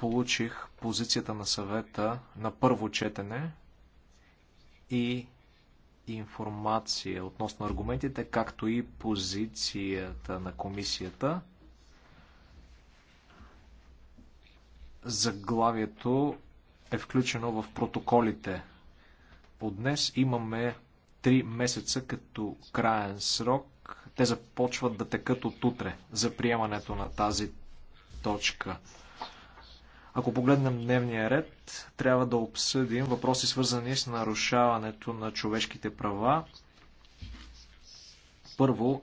получих позицията на съвета на първо четене и информация относно аргументите, както и позицията на комисията. Заглавието е включено в протоколите. От днес имаме 3 месеца като краен срок. Те започват да текат от утре за приемането на тази точка. Ако погледнем дневния ред, трябва да обсъдим въпроси свързани с нарушаването на човешките права. Първо,